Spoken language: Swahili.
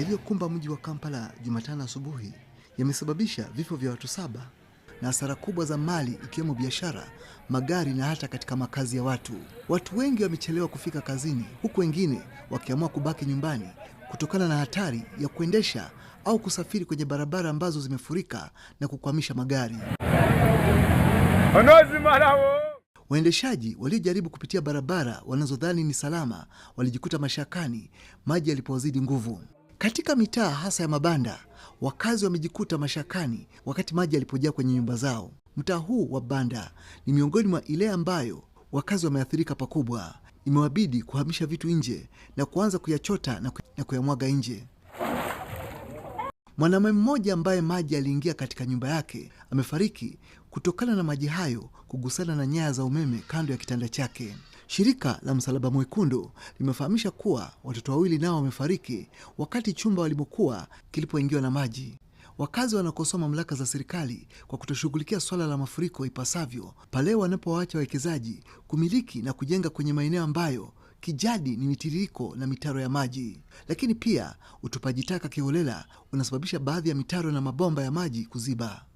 yaliyokumba mji wa Kampala Jumatano asubuhi yamesababisha vifo vya watu saba na hasara kubwa za mali ikiwemo biashara, magari na hata katika makazi ya watu. Watu wengi wamechelewa kufika kazini, huku wengine wakiamua kubaki nyumbani kutokana na hatari ya kuendesha au kusafiri kwenye barabara ambazo zimefurika na kukwamisha magari. Waendeshaji waliojaribu kupitia barabara wanazodhani ni salama walijikuta mashakani maji yalipowazidi nguvu. Katika mitaa hasa ya mabanda, wakazi wamejikuta mashakani wakati maji yalipojaa kwenye nyumba zao. Mtaa huu wa Banda ni miongoni mwa ile ambayo wakazi wameathirika pakubwa. Imewabidi kuhamisha vitu nje na kuanza kuyachota na kuyamwaga nje. Mwanamume mmoja ambaye maji aliingia katika nyumba yake amefariki kutokana na maji hayo kugusana na nyaya za umeme kando ya kitanda chake. Shirika la Msalaba Mwekundu limefahamisha kuwa watoto wawili nao wamefariki wakati chumba walimokuwa kilipoingiwa na maji. Wakazi wanakosoa mamlaka za serikali kwa kutoshughulikia swala la mafuriko ipasavyo pale wanapowaacha wawekezaji kumiliki na kujenga kwenye maeneo ambayo kijadi ni mitiririko na mitaro ya maji. Lakini pia utupaji taka kiholela unasababisha baadhi ya mitaro na mabomba ya maji kuziba.